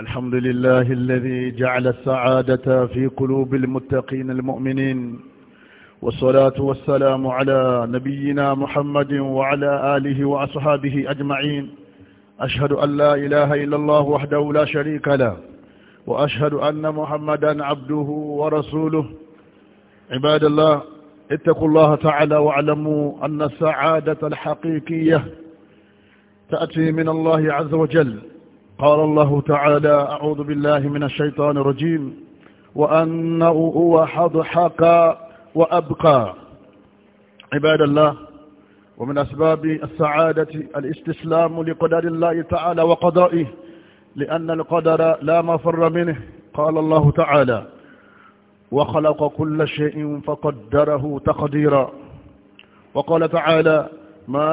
الحمد لله الذي جعل السعادة في قلوب المتقين المؤمنين والصلاة والسلام على نبينا محمد وعلى آله وأصحابه أجمعين أشهد أن لا إله إلا الله وحده لا شريك له وأشهد أن محمدا عبده ورسوله عباد الله اتقوا الله تعالى واعلموا أن السعادة الحقيقية تأتي من الله عز وجل قال الله تعالى أعوذ بالله من الشيطان الرجيم وأنه هو حضحك وأبقى عباد الله ومن أسباب السعادة الاستسلام لقدر الله تعالى وقضائه لأن القدر لا مفر منه قال الله تعالى وخلق كل شيء فقدره تقديرا وقال تعالى ما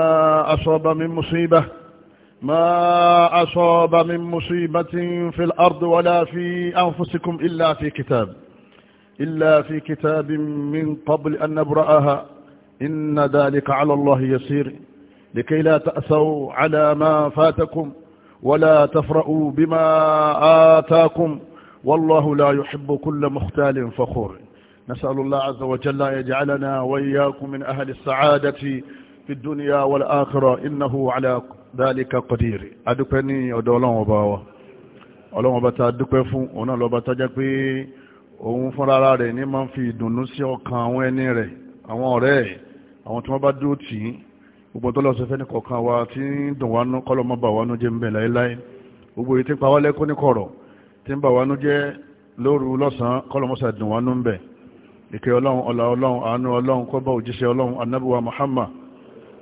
أصاب من مصيبة ما أصاب من مصيبة في الأرض ولا في أنفسكم إلا في كتاب إلا في كتاب من قبل أن نبرأها إن ذلك على الله يسير لكي لا تأسوا على ما فاتكم ولا تفرأوا بما آتاكم والله لا يحب كل مختال فخور نسأل الله عز وجل أن يجعلنا وإياكم من أهل السعادة في الدنيا والآخرة إنه على dáàlíkà kọdìrì adúpẹ́ ní ọ̀dọ̀ ọlọ́run ọba wa ọlọ́run ọba ta dúpẹ́ fún òun náà lọ́ba tajá pé òun fúnra rẹ̀ ní máa ń fi ìdùnnú sí ọkàn àwọn ẹni rẹ̀ àwọn ọ̀rẹ́ ẹ̀ àwọn tí wọ́n bá dúró tì í gbogbo tó lọ́sẹ̀ fẹ́ ní kọ̀ọ̀kan wa tí ń dùn wá nú kọ́lọ́ mọ́ bà nú jẹ́ ń bẹ̀ láéláé gbogbo èyí tí ń pa wá lẹ́kọ́ ní kọ̀rọ̀ tí ń bà wá nú jẹ́ lóru lọ́sàn-án kọ́lọ́ mọ́sà dùn wá nú ń bẹ̀ ìkẹ́ ọlọ́run ọlá ọlọ́run àánú ọlọ́run kọ́bọ̀ òjíṣẹ́ ọlọ́run anábíwá Muhammad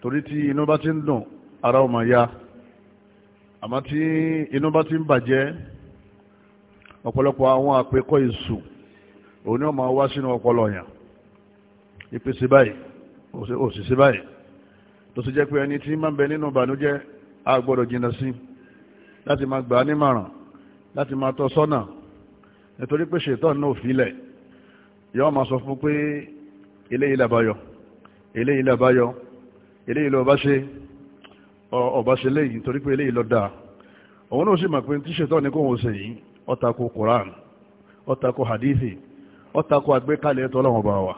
torí tí inú bá ti ń dùn ara ó máa yá àmọ́ tí inú bá ti ń bàjẹ́ ọ̀pọ̀lọpọ̀ àwọn àpékọ́ èṣù òun ni wọ́n máa wá sínú ọpọlọ yàn ìpèsè báyìí òṣìṣẹ́ báyìí tó sì jẹ́ pé ẹni tí máa ń bẹ nínú ìbànújẹ́ a gbọ́dọ̀ jìnnà sí láti máa gbà á nímọ̀ràn láti máa tọ́ sọ́nà nítorí pé ṣètọ́n náà fílẹ̀ yọ́ máa sọ fún pé eléyìí làbáyọ eléyìí làbáyọ eléyìí lọ bá ṣe ọba ṣe léyìí torí pé eléyìí lọ dáa òun náà sì mọ̀ pé tí ṣètọ́ ní kò wọ́n ṣe yìí ó tako Quran hadithi ó tako àgbékalẹ̀ ẹ̀tọ́ ọlọ́run ọba wa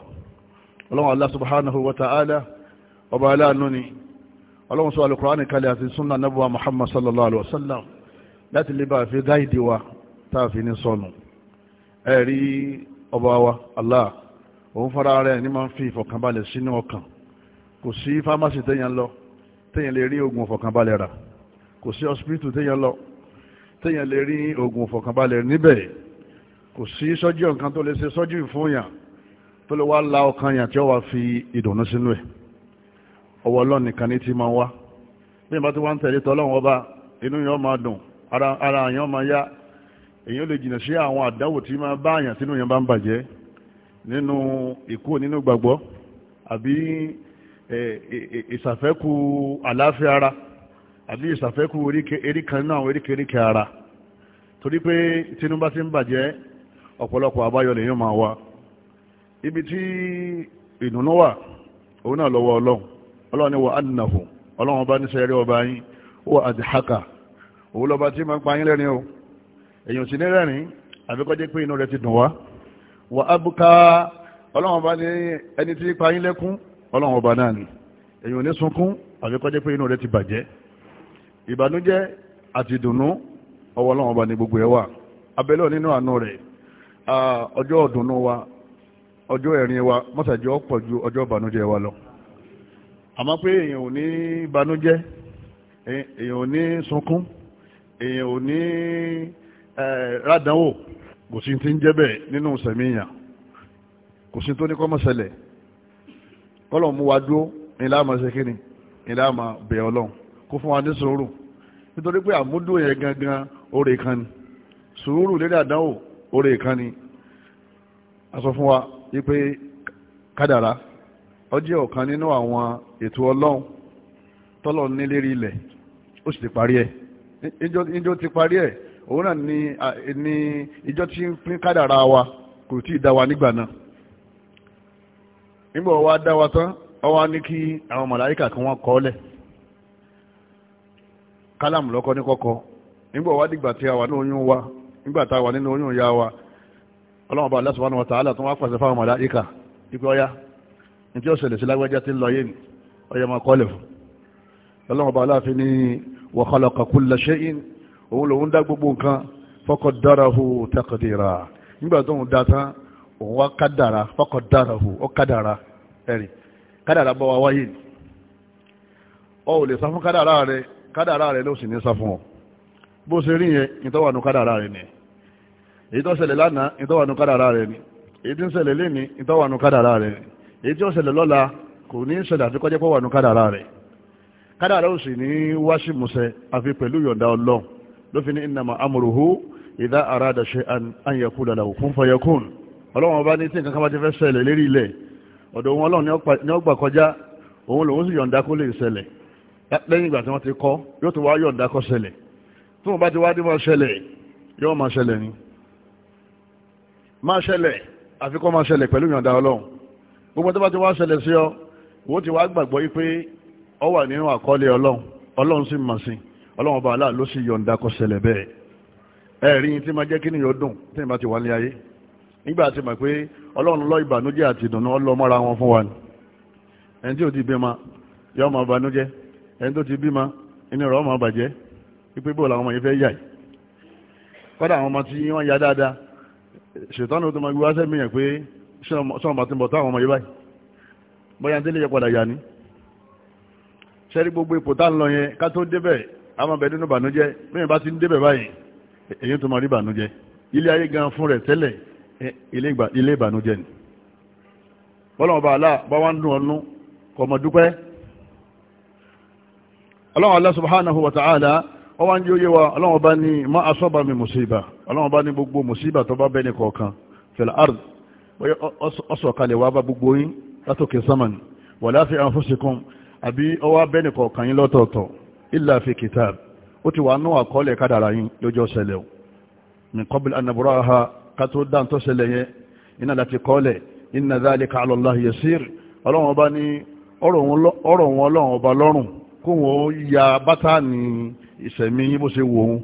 ọlọ́run Allah subhanahu wa ta'ala ọba aláàánú ni ọlọ́run sọ alukur'an kalẹ̀ àti sunna nabuwa Muhammad sallallahu alaihi wa sallam láti lè bá fi gáìdì wa tá a fi ní sọnù ẹ̀rí ọba wa Allah òun fara rẹ̀ ní máa ń fi ìfọ̀kànbalẹ̀ sínú ọkàn kò sí fámásì téèyàn lọ téèyàn lè rí oògùn ìfọ̀kànbalẹ̀ rà kò sí ọsibítù téèyàn lọ téèyàn lè rí oògùn ìfọ̀kànbalẹ̀ níbẹ̀ kò sí sọ́jú nǹkan tó lè ṣe sọ́jú ìfúnyàn tó lè wá la ọkàn yàn tí ó wá fi ìdùnnú sínú ẹ̀ ọwọ́ ọlọ́run nìkan ní ti máa wá bí ìbá tí wọ́n ń tẹ̀lé tọ́lọ́run ọba inú yẹn máa dùn ara yẹn máa yá èyàn lè jìnà sí àwọn àdáwò tí máa bá àyàn tínú yẹn bá ń bàjẹ́ nínú ìkú nínú gbàgbọ́ àbí ìsàfẹ́kù àláfíà ara àbí ìsàfẹ́kù eríkan náà àwọn eríkèríkè ara torí pé tinubu ti ń bàjẹ́ ọ̀pọ̀lọpọ̀ àbáyọ lèyàn máa wá ibi tí ìdùnnú wà òun náà lọ́wọ́ ọlọ́run ọlọ́run ni wà ánìnàhù ọlọ́run ọba níṣẹ́ rí ọba yín wà àdìhákà òun lọ́ba tí máa ń pa yín lẹ́rin o èyàn sì ní rẹ́rin àbíkọ́jẹ́ pé inú rẹ̀ ti dùn wá wà ábúká ọlọ́run ọba ní ẹni tí pa yín lẹ́kún ọlọ́run ọba náà ni èyàn ò ní sunkún àbí kó jẹ́ pé inú rẹ ti bàjẹ́ ìbànújẹ́ àti ìdùnnú ọwọ́ ọlọ́run ọba ní gbogbo ẹ̀ wà abẹ́lẹ́ nínú àánú rẹ̀ ọjọ́ ìdùnnú wa ọjọ́ ẹ̀rín wa mọ́sàjọ́ pọ̀ ju ọjọ́ ìbànújẹ́ wa lọ àmọ́ pé èyàn ò ní banújẹ́ èyàn ò ní sunkún èyàn ò ní rádánwò kò sí ti ń jẹ́ bẹ́ẹ̀ nínú sẹ̀míyàn kò sí tó ní kọ́mọ́sẹlẹ̀ kọ́lọ̀ mú wa dúró ilá àmà ṣe kíni ilá àmà bẹ̀ ọlọ́run kó fún wa ní sùúrù nítorí pé àmúdùn yẹn gangan oore kan ni sùúrù lédè àdánwò oore kan ni a sọ fún wa wípé kádàrá ọ jẹ́ ọ̀kan nínú àwọn ètò ọlọ́run tọ́lọ̀ ní lérí ilẹ̀ ó sì ti parí ẹ̀ ìjọ ti parí ẹ̀ òun náà ni ìjọ ti ń pín kádàrá wa kò tí ì dá wa nígbà náà nígbà wá dá wa tán ọ wá ní kí àwọn màláíkà kan wọ́n kọ́ọ́lẹ̀ kálàmù lọ́kọ́ ní kọ́kọ́ nígbà wá dìgbà tí a wà ní oyún wa nígbà tá a wà nínú oyún ìyá wa ọlọ́run bá Allah subhanahu wa tó wá pàṣẹ fáwọn màláíkà ipò ọya ní tí ó ṣẹlẹ̀ sí lágbájá tí ń lọ yéèni ọya máa kọ́ọ́lẹ̀ fún ọlọ́run bá aláàfin ní wa khalaqa kulla òun wá kádàrà fọ́kọ̀ dára hù ó kádàrà ẹ̀rì kádàrà bọ́ wa wáyé ni ọ ò lè sá fún kádàrà rẹ kádàrà rẹ ló sì ní sá fún ọ bó ṣe rí yẹn ìtọ́wànú kádàrà rẹ ni èyí tó ṣẹlẹ̀ lánàá ìtọ́wànú kádàrà rẹ ni èyí tí ṣẹlẹ̀ lé ní ìtọ́wànú kádàrà rẹ ni èyí tí ṣẹlẹ̀ lọ́la kò ní ṣẹlẹ̀ àti kọjá pọ̀wànú kádàrà rẹ kádàrà ó sì ní wáṣí musẹ àfi pẹ̀lú yọ̀ǹda ọlọ́run ló ní innama amruhu idha arada shay'an an yakula lahu kun ọlọ́run ọba ní tí nǹkan kan bá ti fẹ́ ṣẹlẹ̀ lérí ilẹ̀ ọ̀dọ̀ wọn ọlọ́run ní ọgbà kọjá òun lòun sì yọ̀ǹda kó lè ṣẹlẹ̀ lẹ́yìn ìgbà tí wọ́n ti kọ́ yóò tó wá yọ̀ǹda kó ṣẹlẹ̀ tí wọ́n bá ti wá dé máa ṣẹlẹ̀ yóò máa ṣẹlẹ̀ ni máa ṣẹlẹ̀ àfi kó máa ṣẹlẹ̀ pẹ̀lú yọ̀ǹda ọlọ́run gbogbo tó bá ti wá ṣẹlẹ̀ sí ọ wọ́n ti wá gbàgbọ́ yí pé ọ wà nínú àkọọ́lẹ̀ ọlọ́run ọlọ́run sì mọ̀ sí ọlọ́run ọba aláà ló sì yọ̀ǹda kó ṣẹlẹ̀ bẹ́ẹ̀ ẹ̀rí tí máa jẹ́ kí nìyọ́ dùn tí ìbá nígbà tí mọ̀ pé ọlọ́run lọ ìbànújẹ́ àti ìdùnnú ọlọ́mọ́ra wọn fún wa ni ẹni tí ò ti bímọ yọ ọmọ ìbànújẹ́ ẹni tó ti bímọ inú rẹ̀ ọmọ bàjẹ́ wípé bó làwọn ọmọ yìí fẹ́ yà yìí kọ́dà àwọn ọmọ tí wọ́n ya dáadáa ṣètọ́nù tó máa wíwá sẹ́mìyàn pé sọ́ọ̀mù àti bọ̀tọ́ àwọn ọmọ yìí báyìí bóyá ní tẹ́lẹ̀ yẹ padà yà ní sẹ́rí gbogbo ipò tá ń lọ yẹn ká Eh, ilé ìbànújẹ́ ni bọ́lọ̀wọ́ bá aláà bá wá ń dùn ọnú kọmọ dúpẹ́ ọlọ́wọ́ Allah subhanahu wa ta'ala wọ́n wá ń yóò yé wa ọlọ́wọ́ bá ní ma asaba mi musiba ọlọ́wọ́ bá ní gbogbo musiba tó bá bẹ́ni kọ̀ọ̀kan fil ard ọsọ̀kalẹ̀ wá bá gbogbo yín látòkè saman wala fi anfusikum àbí ọwá bẹ́ni kọ̀ọ̀kan yín lọ́tọ̀ọ̀tọ̀ ká tó dá tó ṣẹlẹ̀ yẹn iná láti kọ́lẹ̀ inna dhalika ala Allahi yasir ọlọ́run ọba ní ọ̀rọ̀ wọn ọlọ́run ọba lọ́rùn kó wọn ya bátà ní ìṣẹ̀mí bó ṣe wò ó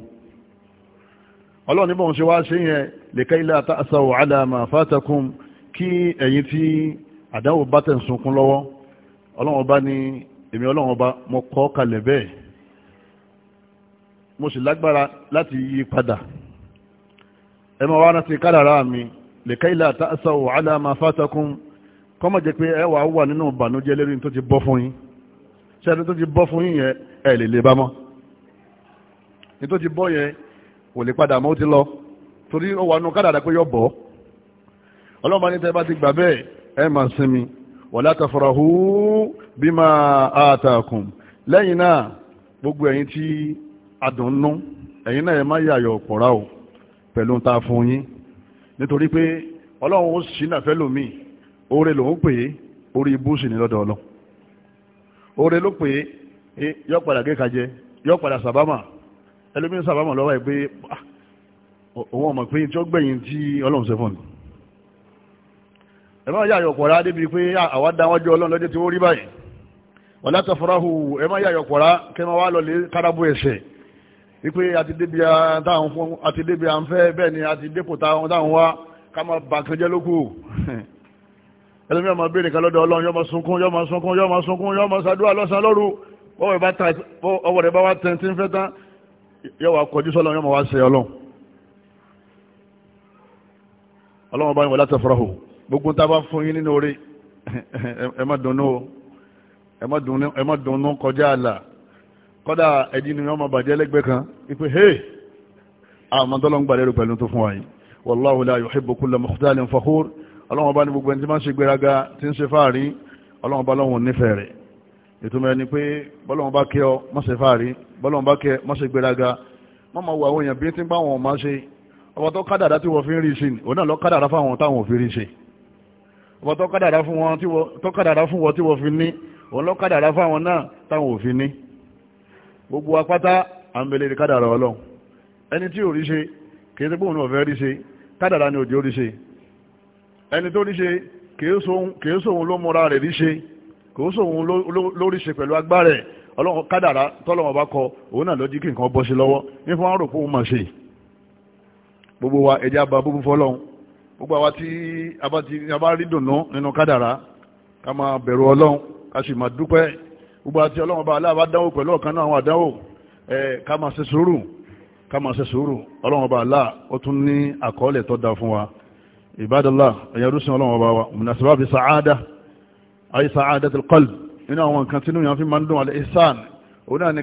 ọlọ́run níbọn ṣe wá ṣe yẹn likai la ta'asaw ala ma fatakum kí ẹ̀yin tí àdánwò bá tẹ̀ ń sunkún lọ́wọ́ ọlọ́run ọba ní èmi ọlọ́run ọba mo kọ́ kalẹ̀ bẹ́ẹ̀ mo sì lágbára láti yí padà ẹ wa na rántí kadara mi lèkẹ́ ilẹ̀ àtàṣà ò alá máa fátakún kọ́mọ̀ jẹ́ pé ẹ wà wà nínú ìbànújẹ́ lérí tó ti bọ́ fún yín ṣẹ́ni tó ti bọ́ yẹn ẹ lè lè bá mọ́ ti bọ́ yẹn kò lè padà mọ́ ó ti lọ torí ó wà nù kádàrá pé yọ bọ́ ọlọ́mọ ní tẹ́ bá ti gbà bẹ́ẹ̀ ẹ máa sinmi lẹ́yìn náà gbogbo ẹ̀yin tí adùn nú náà ẹ má o pẹ̀lú ta fún yín nítorí pé ọlọ́run ó sì náà fẹ́ lómi oore lòun pè é orí ibú sì ní lọ́dọ̀ ọlọ́ oore ló pè é yọ padà gé kajẹ yọ padà sàbámà ẹlòmíràn sàbámà lọ́wọ́ ẹ̀ pé ah, òun ọmọ pé tí ó gbẹ̀yìn tí ọlọ́run ṣe fún mi ẹ má yà yọ̀pọ̀ra débi pé ah, àwa dáwọ́jú ọlọ́run lọ́jọ́ tí ó rí báyìí wọ́n látọ̀ fọ́ráhù ẹ má yà yọ̀pọ̀ra kẹ́ máa wá lọ lé káràbù ẹ̀ṣẹ̀ wípé àti débi fún àti à ń fẹ́ bẹ́ẹ̀ ni àti dépò táwọn táwọn wá ká máa bà kan jẹ́ lókù ẹlẹ́mí ọmọ bí nìkan lọ́dọ̀ ọlọ́run yọ́ máa sunkún yọ́ máa sunkún yọ́ máa sunkún yọ́ máa ṣàdúrà lọ́sàn-án lóru ọwọ́ rẹ̀ bá wá tẹ̀ tí ń fẹ́ tán yọ́ wá kọjú sọ́lọ́run yọ́ máa wá ṣe ọlọ́run ọlọ́run bá yín wọlé àtẹ̀fọ́rọ́hù gbogbo tá a bá fún yín nínú orí ẹ má dunnú kọjá àlà kọ́dà ẹ̀dí ni wọ́n ma bàjẹ́ lẹ́gbẹ́ kan ipé hey àmọ́tọ́lọ́n gbàlérò pẹ̀lú tó fún wa yìí wallahu la yuhibbu kulla mukhtalin fakhur ọlọ́wọ́n bá ní gbogbo ẹni tí máa ń ṣe gbéraga tí ń ṣe fáàrí ọlọ́wọ́n bá lọ́wọ́n nífẹ̀ẹ́ rẹ̀ ìtumọ̀ ẹni pé bọ́lọ́wọ́n bá kẹ́ ọ má ṣe fáàrí bọ́lọ́wọ́n bá kẹ́ má ṣe gbéraga má ma wo àwọn èèyàn bí tí ń bá fún wọn tí wọ́n fi ní òun lọ kádàrá fáwọn náà táwọn ò fi ní gbogbo apáta àmìlẹ̀ kádàrà ọlọ́run ẹni tí ò rí ṣe kìí sí bóun náà fẹ́ rí ṣe kádàrà ni òjò rí ṣe ẹni tó rí ṣe kìí sóhun ló múra rẹ̀ rí ṣe kìí sóhun ló rí ṣe pẹ̀lú agbára ọlọ́run kádàrà tọ́lọ́wọ́n bá kọ òun náà ló kí nǹkan bọ́ sí lọ́wọ́ ní fún àrò fóun máa gbogbo wa ẹja bá búbú fọlọ́run gbogbo àwa tí a bá rí dùnú nínú kádàrà ká máa bẹ̀rù ọlọ́run ká sì máa dúpẹ́ gbogbo àti ọlọ́run bá aláàbá dánwò pẹ̀lú ọ̀kan náà àwọn àdánwò ká máa ṣe sùúrù ká máa ṣe sùúrù ọlọ́run bá aláà ó tún ní àkọọ́lẹ̀ tó dáa fún wa ìbádọ́lá ẹ̀yẹn rúṣin ọlọ́run bá wa mùnàṣíbá fi sàáda ayé sàáda ti kọ́l nínú àwọn nǹkan tínú yàn fi máa ń dùn àlẹ́ ìsàn òun náà ni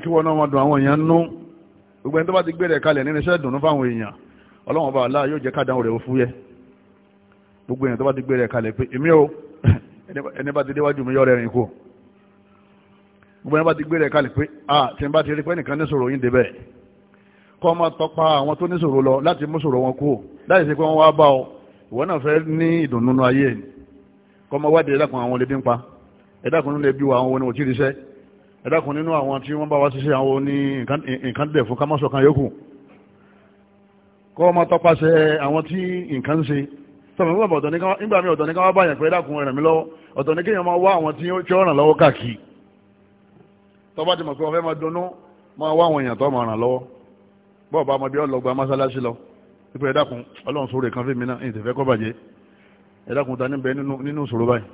ẹni bá ti déwájú mi yọ́ rẹ̀ rìn kú gbogbo ẹni bá ti gbé rẹ̀ kalẹ̀ pé a tí n bá ti rí pé nìkan níṣòro yín débẹ̀ kọ́ máa tọpa àwọn tó níṣòro lọ láti mú ṣòro wọn kú láì sí pé wọ́n wá bá ọ ìwọ náà fẹ́ ní ìdùnnú ayé ẹ̀ kọ́ máa wádìí ẹ̀dàkùn àwọn olèbí ń pa ẹ̀dàkùn nílé bí àwọn oní òtí ríṣẹ́ ẹ̀dàkùn nínú àwọn tí wọ́n bá wá ṣiṣẹ́ àwọn oní nǹkan dẹ̀ fún kámọ́sọ̀ kan yókù kọ́ máa tọpasẹ̀ àwọn tí nǹkan ṣe sọ̀rọ̀ nígbà mi ọ̀tọ̀ ní ká wá báyàn pé ẹ̀dàkùn ẹ̀ràn mi lọ́wọ́ ọ̀tọ̀ ní tó bá ti mọ̀ pé o fẹ́ máa dunnú máa wá àwọn èèyàn tó máa ràn lọ́wọ́ bọ́ọ̀ bá ọmọdé ọlọ́gba mọ́sálásí lọ wípé ẹ dákun ọlọ́run sóore kan fèmí náà ìtẹ̀fẹ́ kọ́ bàjẹ́ ẹ dákun ta níbẹ̀ nínú ìṣòro báyìí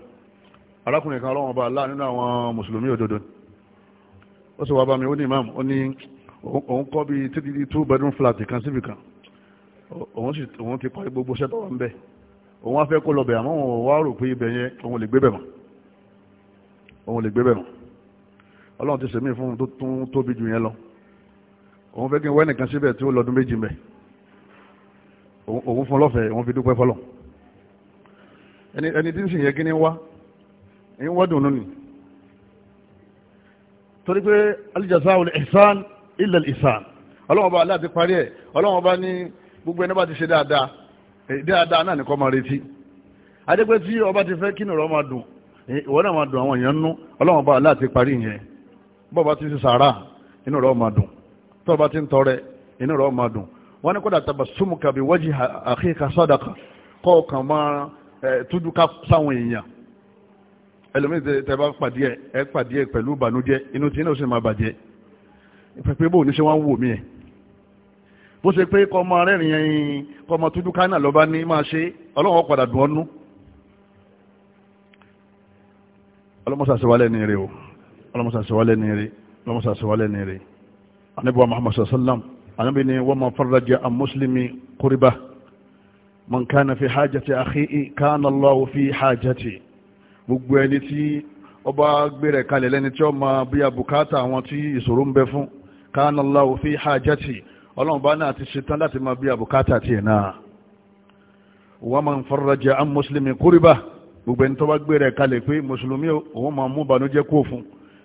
arákùnrin kan ọlọ́run bá láà nínú àwọn mùsùlùmí òdodo ó sì wá bá mi ó ní imam ó ní òun kọ́ bíi títí two bedroom flat kan síbì kan òun sì òun ti parí gbogbo ṣẹ́tọ̀ wà ń bẹ̀ òun á fẹ́ kó lọ bẹ̀ àmọ́ òun wá rò pé ibẹ̀ yẹn òun lè gbé bẹ̀ mọ́ òun lè gbé bẹ̀ mọ́ ọlọ́run ti sèmí fún un tó tún tóbi jù yẹn lọ òun fẹ́ kí n wẹ́ nìkan síbẹ̀ tí ó lọ́dún méjì mẹ́ òun fún lọ́fẹ̀ẹ́ òun fi dúpẹ́ fọlọ́ ẹni tí ń sìn yẹ kí ni wá ń wá dùn lónìí torí pé aljaza'ul ihsan illa al-ihsan ọlọ́run ọba aláàtí parí ẹ̀ ọlọ́run ọba ní gbogbo ẹni bá ti ṣe dáadáa dáadáa náà nìkan máa retí adé pé tí ọba ti fẹ́ kí nìrọ̀ máa dùn ìwọ náà máa dùn àwọn èèyàn nú ọlọ́run ọba aláàtí parí yẹn bọ́ọ̀bá ti ń sàárà inú rẹ̀ ọmọ dùn tọ́ọ̀bá ti ń tọrẹ inú rẹ̀ ọmọ dùn wọ́n ní kódà tabassumuka bi wajhi akhika sadaqa kọ́ ọ̀kan máa tújú ká sáwọn èèyàn ẹlòmíì tẹ bá pàdé ẹ pàdé ẹ pẹ̀lú ìbànújẹ́ inú tí náà sì máa bàjẹ́ pẹ̀pẹ́ bó ní ṣe wá wò mí ẹ̀ bó ṣe pé kọ́ ọmọ rẹ́rìn yẹn kọ́ ọmọ tújú ká náà lọ́ba ní máa ṣe ọlọ́run padà dùn ọ́nú ọlọ́mọ sàṣẹwálẹ̀ ní rẹ o ọlọ́mọsà sọ̀wálẹ̀ ní rí ọlọ́mọsà sọ̀wálẹ̀ ní rí anábíwá muhammad sallam anábí ni wọ́n ma farraja a muslimi kúrìbá man kánà fi hajjati akhihi kánà Allahu fi hajjati gbogbo ẹni tí ọba gbére kalẹ̀ lẹ́ni tí ó ma bí a bukata àwọn tí ìṣòro ń bẹ fún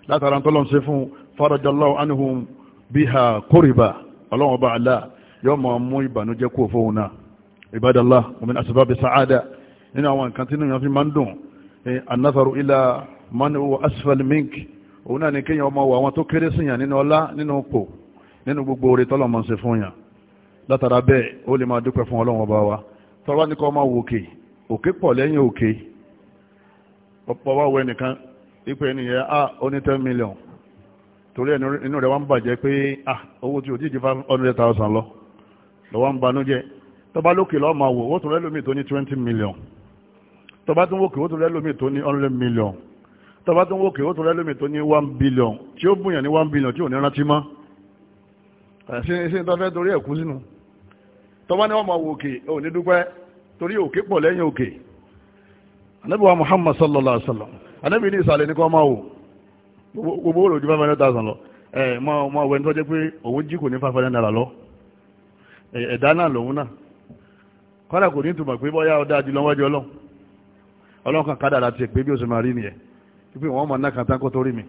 látara tọ́lọ́n ṣe fún farajallahu anhum biha kóríba ọlọ́run ọba àlá yóò máa mú ìbànújẹ́ kú fóun náà ibadallah min asbab sa'ada nínú àwọn nǹkan tí nìyàn fi máa ń dùn eh, an-nazaru ila man huwa asfal mink òun náà ni kéèyàn ọmọ wà àwọn tó kéré sí yàn nínú ọlá nínú pò nínú gbogbo oore tọ́lọ́n máa ń ṣe fún yàn látara bẹ́ẹ̀ ó lè máa dúpẹ́ fún ọlọ́run wa tọ́lá ní kọ́ máa wòkè òkè pọ̀ lẹ́yìn òkè ọ̀pọ̀ wá wẹ́ nìkan ipe ènìyàn a ah, ó ten million torí inú rẹ̀ wá pé a ah, owó tí ò díjì five hundred thousand lọ lọ́wọ́ ń tọba lókè lọ́ọ́ máa wò ó tún tó ní twenty million tọba tún wòkè ó tún lẹ́lòmíì tó ní hundred million tọba tún wòkè ó tún lẹ́lòmíì tó ní one billion tí ó bùyàn ní one billion tí ò ní rántí mọ́ torí sínú tọba wọ́n máa wò òkè dúpẹ́ torí òkè pọ̀ lẹ́yìn òkè anábìwá Muhammad sallallahu wa sallam anábì ní ìsàlẹ̀ ní kọ́ máa wò gbogbo olùdí five hundred thousand lọ ẹ mọ ọmọ ọwẹ́ tó jẹ́ pé òun jí kò ní five hundred naira lọ ẹ̀dá náà lòun náà kọ́dà kò ní túmọ̀ pé bọ́yá ọdá di lọ́wọ́dí ọlọ́ ọlọ́run kan kádà láti pé bí ó sì máa rí nìyẹn pípé wọ́n mọ̀ náà kan tán kó tó rí mi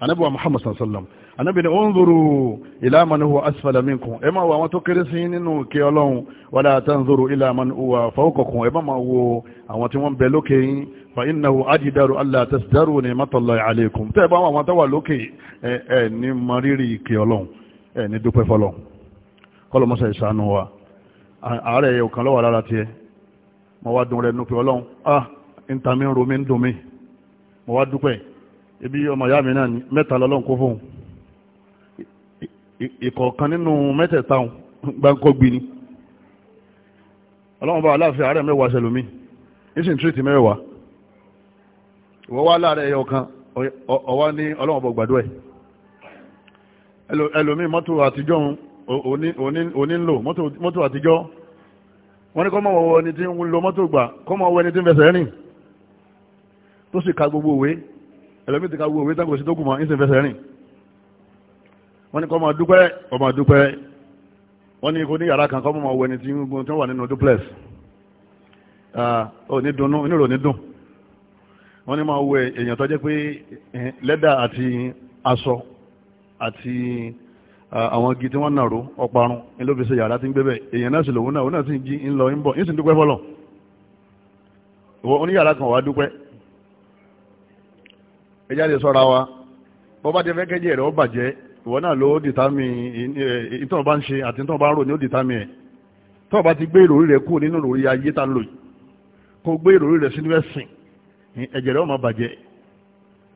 anábì wa Muhammad sallallahu alaihi wasallam anábì ni unzuru ila man huwa asfala minkum ẹ máa wo àwọn tó kéré sí nínú kí ọlọ́run wala tanzuru ila man huwa fawqakum ẹ máa wo àwọn tí wọ́n bẹ lókè yín fa innahu ajdaru alla tasdaru ni'matallahi alaykum tẹ́ bá àwọn tó wà lókè ẹ ẹ ní mọ́rírì kí ọlọ́run ẹ ní dúpẹ́ fọlọ́ kọlọmọsẹ̀ ìsànù wa ààrẹ ọ̀kan lọ́wọ́ lára tiẹ̀ mo wá dùn rẹ̀ nù pé ọlọ́run ah ìntàmí ń romí ń dùn mí mo wá dúpẹ́ ibi ọmọ ìyá mi náà mẹ́ta lọ́lọ́run kó fóun ìkọ̀ọ̀kan nínú mẹ́tẹ̀ẹ̀ta gbáǹkọ́gbì ni ọlọ́run bá aláàfin àárẹ̀ mẹ́wàá ṣẹlòmí ìsìn tírìtì mẹ́wàá ìwọ́ wá láàrẹ̀ ẹyọ kan ọwá ní ọlọ́run bọ̀ gbàdúẹ̀ ẹlòmí mọ́tò àtijọ́ onílò mọ́tò àtijọ́ wọ́n ní kọ́mọ̀ wọ ẹni tí ń lo mọ́tò gbà kọ́mọ̀ wọ ẹni tí ń fẹsẹ̀ rìn tó sì ka gbogbo òwe ẹlòmí ti ka gbogbo òwe tágbòsí tó kù mọ́ ìsìn fẹsẹ̀ rìn wọ́n ní kó máa dúpẹ́ kó máa dúpẹ́ wọ́n ní kó ní yàrá kan kó máa wẹni tí ń tó wà nínú duplex ó ní dunnú inú rò ní dùn wọ́n ní máa wẹ èèyàn tó jẹ́ pé eh, lẹ́dà àti aṣọ àti àwọn igi tí wọ́n nàró ọparun ní ló fi ṣe yàrá tí ń gbé bẹ́ẹ̀ èèyàn náà sì lòun náà òun náà sì ń jí ń lọ ń bọ̀ ń sì ń dúpẹ́ fọlọ̀ ìwọ oníyàrá kan wà wa bọ́ bá ti fẹ́ kẹ́jẹ́ ìwọ náà ló dìtámì ìtọ́ eh, bá ń ṣe àti ìtọ́ bá ń rò ní ó dìtámì ẹ̀ tọ́ bá ti gbé ìròrí rẹ̀ kúrò nínú ìròrí ayé tá ń lò yìí kó gbé ìròrí rẹ̀ sínú ẹ̀sìn ẹ̀jẹ̀ rẹ̀ ọmọ bàjẹ́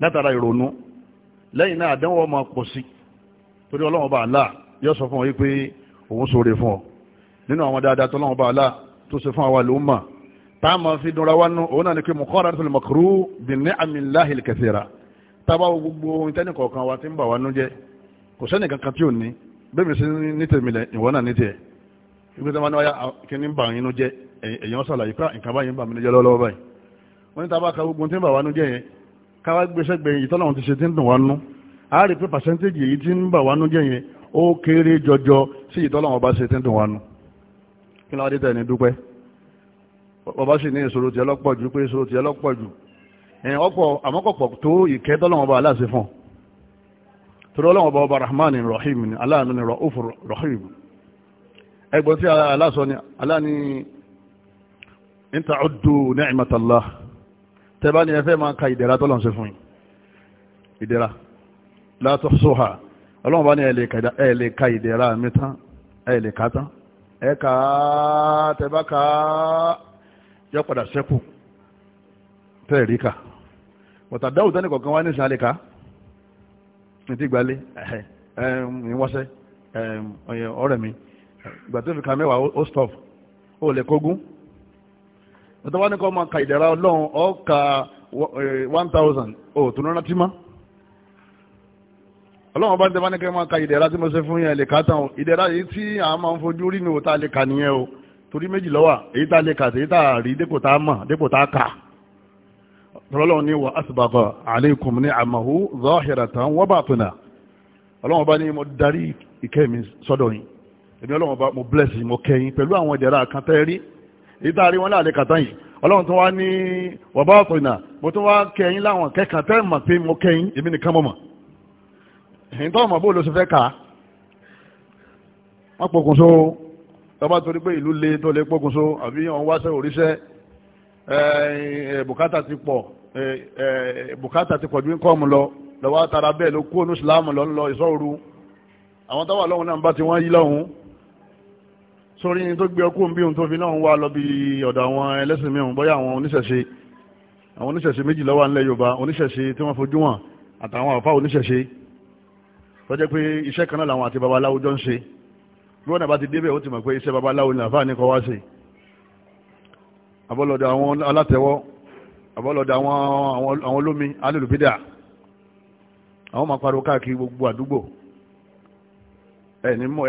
látara ìrònú lẹ́yìn náà àdánwò ọmọ pọ̀ sí torí ọlọ́run bá àlá yóò sọ fún ọ wípé òun sóore fún ọ nínú àwọn dáadáa tọ́lọ́run bá àlá tó ṣe fún àwa lòún mọ̀ gbogbo ohun tẹ́nìkọ̀ọ̀kan wa ti ń bà wá nú jẹ́ kò sẹ́ni kankan tí ò ní bẹ́ẹ̀ mi sí ní tèmi lẹ̀ ìwọ náà ní tiẹ̀ ibi tí wọ́n ní wáyà kíní ń bà yín nú jẹ́ èèyàn sàlàyé pé nǹkan báyìí ń bà mí nú jẹ́ lọ́wọ́ báyìí wọ́n ní tábà ka gbogbo tí ń bà wá nú jẹ́ yẹn káwá gbéṣẹ́ gbẹ̀yìn ìtọ́nà àwọn ti ṣe tí ń dùn wá nú a rí pé pàṣẹ́ntéèjì èyí tí ń bà wá nú jẹ́ yẹn ó kéré jọjọ sí ìtọ́nà ọba ṣe tí ń dùn wá nú torí ọlọ́wọ́ bá ọba rahman rahim ni aláàánú ni ra'ufu rahim ẹgbọ́n tí aláàsọ ni aláàní ń ta ọdún ni'matallah tẹ́bá ni ẹfẹ́ máa ka ìdẹ̀ra tọ́lọ̀ ń ṣe fún yín ìdẹ̀ra la tuhsuha ọlọ́wọ́ bá ní ẹ̀ lè ka ìdẹ̀ra mi tán ẹ̀ lè ka ka yọ padà sẹ́kù tẹ́ẹ̀ríkà wọ̀tàdáwù tẹ́nìkọ̀ọ̀kan wá ní ìsìn ká títí gbalé ìwọ́sẹ́ ọ̀rẹ́ mi ìgbà tó fi ka mẹ́wàá ó stop ó lè kógún ọ̀tọ́ wá ní kọ́ máa ka ìdẹ̀ra ọlọ́run ó ka one thousand ó tó náà tí má ọlọ́run bá ń tẹ́ bá ní kẹ́ máa ka ìdẹ̀ra tí mo ṣe fún yẹn lè ká tán o ìdẹ̀ra yìí tí a máa ń fojú rí ni ò tá a lè kà nìyẹn o torí méjì ló èyí tá lè kà sí èyí tá rí dépò tá a mọ̀ dépò tá a kà lọ́lọ́run ní wa asibagọ aleikum ní àmàhù zọ́ọ̀hìràtà wọ́n bá pinna ọlọ́run bá ní mo darí ìkẹ́ mi sọ́dọ̀ yìí èmi ọlọ́run bá mo bless mo kẹ́yìn pẹ̀lú àwọn ìdẹ̀ra kan tẹ́ rí èyí tá a rí wọn láàrin kàtá yìí ọlọ́run tó wá ní wọ́n bá pinna mo tún wá kẹ́yìn láwọn kẹ́kàn tẹ́ mọ̀ pé mo kẹ́yìn èmi nìkan mọ̀ mọ̀ èyí tó mọ̀ bó ló ṣe fẹ́ kà á wọ́n pokùnso tọ́ba torí pé ìlú le tó lè pokùnso àbí wọn wáṣẹ́ òríṣẹ́ bùkátà ti pọ̀ bùkátà ti pọ̀jú ń kọ́ọ̀mù lọ lọ́wọ́ àtàrà bẹ́ẹ̀ ló kú ònú ìsìláàmù lọ ń lọ ìṣọ́ru àwọn táwà lọ́hùn náà bá ti wọ́n yí lọ́hùn sórí ní tó gbé ọkùn bí ohun tó fi náà wá lọ bí ọ̀dọ̀ àwọn ẹlẹ́sìn mìíràn bóyá àwọn oníṣẹ̀ṣe àwọn oníṣẹ̀ṣe méjì ló wà nílẹ̀ Yorùbá oníṣẹ̀ṣe tí wọ́n fojú wọn àtàwọn àfa oníṣẹ̀ṣe tó jẹ́ pé iṣẹ́ kan náà làwọn àti babaláwo jọ ń ṣe bí wọ́n náà bá ti débẹ̀ ó ti mọ̀ pé iṣẹ́ babaláwo ni àfa ní kọ́ wá ṣe àbọ̀lọ́dọ̀ àwọn alátẹ̀wọ́ àbọ́lọ́dọ̀ àwọn olómi alólùbídà àwọn máa pariwo káàkiri gbogbo àdúgbò ẹni mọ̀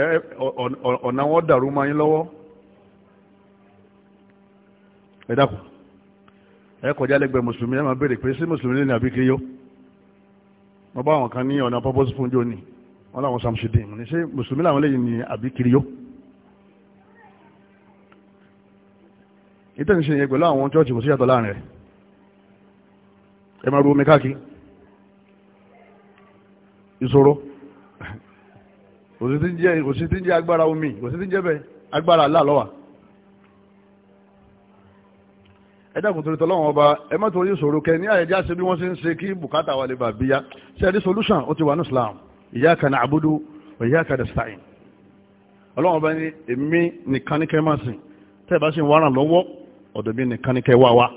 ọ̀nà wọn dàrú máa yín lọ́wọ́ ẹ dákun ẹ kọjá lẹ́gbẹ̀ẹ́ mùsùlùmí ẹ máa béèrè pé sí mùsùlùmí ní àbí kéyó wọ́n bá àwọn kan ní ọ̀nà purpose fún jóni wọ́n láwọn samsudin ní sí mùsùlùmí làwọn lẹ́yìn ní àbí kiriyó ìtẹ́nisẹ̀ yẹn pẹ̀lú àwọn chọ́ọ̀chì kò sí yàtọ̀ láàrin rẹ̀ ẹ máa ru omi káàkiri ìṣòro kò sí tí ń jẹ́ agbára omi kò sí tí ń jẹ́ bẹ́ẹ̀ agbára Allah ló wà ẹ dákun torí tọ́lọ́wọ́n ọba ẹ má torí ìṣòro kẹ ní àyẹ̀dá ṣe bí wọ́n ṣe ń ṣe kí bùkátà wà lè bà bíyá ṣe ẹ̀dí solution ó ti wà ní Islam iyyaka na'budu wa iyyaka nasta'in ọlọ́wọ́n ọba ní èmi nìkan ní kẹ́ máa sìn tẹ́ ẹ bá ṣe ń wá ràn lọ́wọ́ ọ̀dọ̀ mi nìkan ní kẹ́ wá wá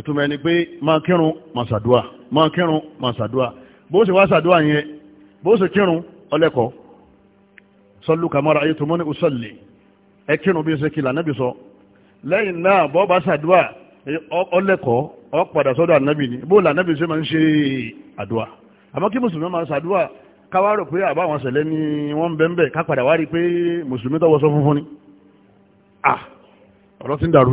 ìtumọ̀ ẹni pé máa kírun máa ṣàdúà máa kírun máa ṣàdúà bó ṣe wá ṣàdúà yẹn bó ṣe kírun ọlẹ́kọ̀ọ́ sọlú kàmọ́ra ayé tó mọ́ ní usọ́lẹ̀ ẹ kírun bí ṣe kìlà nábì sọ lẹ́yìn náà bọ́ bá ṣàdúà ọlẹ́kọ̀ọ́ ọ padà sọ́dọ̀ ànábì ni bó là nábì ṣe máa ń ṣe àdúà àmọ́ kí mùsùlùmí máa ṣàdúà káwá rò pé àbá àwọn ṣẹlẹ̀ ni wọ́n ń bẹ́ńbẹ́ ah ọ̀rọ̀ ti ń dàrú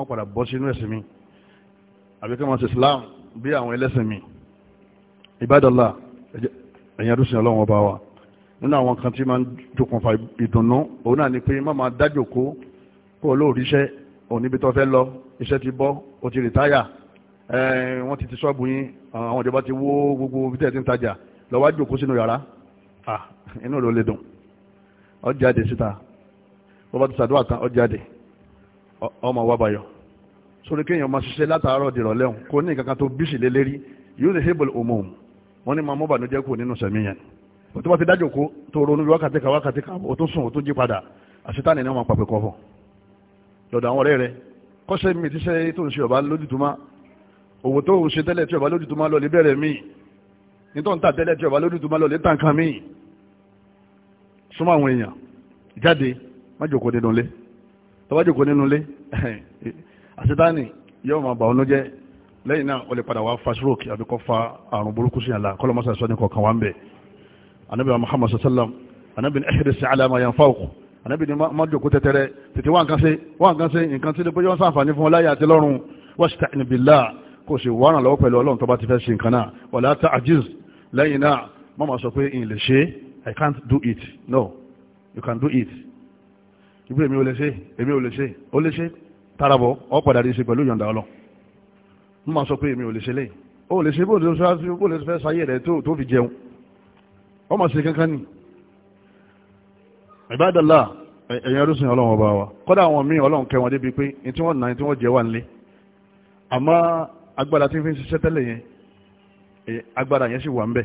wọ́n padà bọ́ sínú ẹ̀sìn mi àbí kí wọ́n Islam bí àwọn ẹlẹ́sìn mi ìbádọ́lá ẹ̀yìn adúsìn ọlọ́run ọba wa nínú àwọn kan tí máa ń dùkùnfà ìdùnnú òun náà ni pé má máa dájòkó kó o lóòrí iṣẹ́ òun níbi tó fẹ́ lọ iṣẹ́ ti bọ́ o ti rìtáyà wọ́n ti ti ṣọ́ọ̀bù yín àwọn ìjọba ti wó gbogbo ibi tẹ́ẹ̀ ti ń tajà lọ wá jòkó sínú yàrá ah, inú ló lè dùn ó jáde síta bó ti ṣàdúrà tán ó jáde ọmọ wa bayọ̀ sórí kéèyàn máa ṣiṣẹ́ látàárọ̀ dìrọ̀lẹ́ òun kò ní kankan tó bíṣì lélẹ́rí yóò lè hébòlì òmò òun wọ́n ní máa mọ́ bànújẹ́ kù nínú sẹ̀mí yẹn tó bá ti dájò kó tó ronú bí wákàtí kan wákàtí kan ó tún sùn ó tún jí padà àṣetánì náà máa pàpẹ́ kọ́ fún lọ́dọ̀ àwọn ọ̀rẹ́ rẹ kọ́sẹ́ mi ti ṣe tó ń ṣe ọ̀bá lójútùmá òwò tó ń ṣe tẹ́lẹ̀ tí ọ̀bá lójútùmá lọ lè bẹ̀rẹ̀ míì nítorí ń tà tí ọ̀bá lójútùmá lọ lè tàn kan súnmọ́ àwọn èèyàn jáde má jòkó dédúnlé tọ́wájú kò nínú ilé àṣetáni yóò máa bà ọ́nú jẹ́ lẹ́yìn náà ó lè padà wá fa stroke àbí kó fa àrùn burúkú sí àlà kọ́lọ́ mọ́sá sọ́ni kọ̀ọ̀kan wá ń bẹ̀ anábìyà muhammad sallam anábìyà ẹ̀hẹ́dẹ̀ sí àlàmà yẹn fáwọ̀kù anábìyà má jòkó tẹ́tẹ́rẹ́ tètè wá nǹkan sí wá nǹkan sí nǹkan sí pé yọ́n sàǹfààní fún ọláyà àti lọ́rùn wasta'in billah kò sì wá ràn lọ́wọ́ pẹ̀lú ọlọ́run tó bá ti fẹ́ ṣe nǹkan náà wala ta'jiz lẹ́yìn náà má máa sọ pé in lè ṣe i can't do it no you can do it ibi èmi ò lè ṣe èmi ò lè ṣe ó lè ṣe tarabọ̀ ọ padà rí ṣe pẹ̀lú ìyọ̀ǹda ọlọ́ mo máa sọ pé èmi ò lè ṣe lẹ́yìn ó lè ṣe bó lè fẹ́ sáyé rẹ̀ tó fi jẹun ọ máa ṣe kankan ni ìbádàlá ẹ̀yìn ọdún ọlọ́run ọba wa kọ́dà àwọn míì ọlọ́run kẹ́ wọn débi pé ní tí wọ́n nà ní tí wọ́n jẹ́ wà nílé àmọ́ agbára tí ń fi ṣiṣẹ́ tẹ́lẹ̀ yẹn agbára yẹn sì wà ń bẹ̀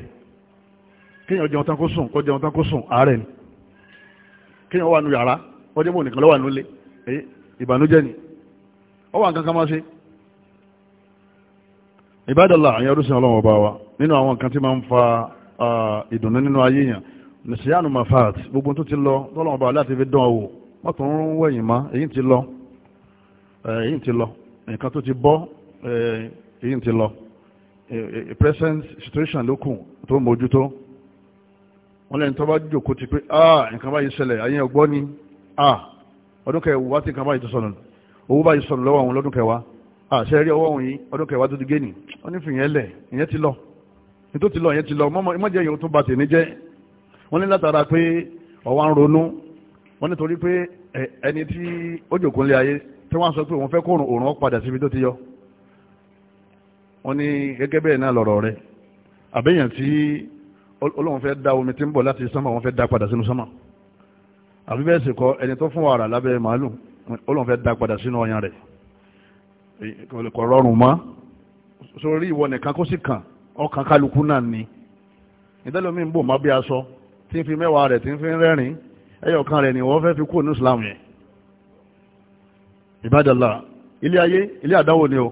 kéèyàn jẹun tán kó sùn kó jẹun tán kó sùn àárẹ̀ ni kéèyàn wà nù yàrá wọ́n jẹ́ bò nìkan lọ́wọ́ ànúlé ìbànújẹ́ ni ó wà nǹkan kan máa ṣe ìbádọ́là àyẹ́ orúsìn ọlọ́wọ́ bá wa nínú àwọn nǹkan tí máa ń fa ìdùnnú nínú ayé yàn nìṣíyànù mafat gbogbo tó ti lọ lọ́lọ́wọ́ bá láti fi dán owó wọ́n wẹ̀yìn má èyí ti lọ èyí ti lọ nǹkan tó ti bọ́ èyí ti lọ present situation ló kù tó mójútó wọ́n lẹ́yìn tó bá jòkó ti pé ah nǹkan báyìí ṣẹlẹ̀ ayé ọgbọ́n ni ah ọdún kẹwàá tí kan báyìí tó sọnù owó báyìí sọnù lọ́wọ́ àwọn lọ́dún kẹwàá ah ṣe rí ọwọ́ òun yìí ọdún kẹwàá tó ti gé nì ó ní fìyẹn lẹ̀ ìyẹn ti lọ ní tó ti lọ ìyẹn ti lọ mọ́jẹ́ yìí ó tún ba tèmi jẹ́ wọ́n ní látara pé ọwọ́ ń ronú wọ́n nítorí pé ẹni tí ó jòkó lé ayé tí wọ́n sọ pé òun fẹ́ kó òrùn padà síbi tó ti yọ wọ́n ní gẹ́gẹ́ bẹ́ẹ̀ náà lọ̀rọ̀ rẹ̀ àbẹ́yàn tí Ọlọ́run fẹ́ da omi tí ń bọ̀ láti sánmà wọ́n fẹ́ da padà sínú sánmà àbí bẹ́ẹ̀ sì kọ ẹni tó fún wàrà lábẹ́ màálù ó lóun fẹ́ dá padà sínú ọyàn rẹ̀ kò rọrùn mọ́ sórí ìwọ nìkan kó sì kàn ọkàn kálukú náà ni ìdálómi ń bò má bí aṣọ tí ń fi mẹ́wàá rẹ̀ tí ń fi rẹ́rìn ẹyọ kan rẹ̀ ni wọ́n fẹ́ fi kú ní Islam yẹn ìbádàlá ilé ayé ilé àdáwò ni o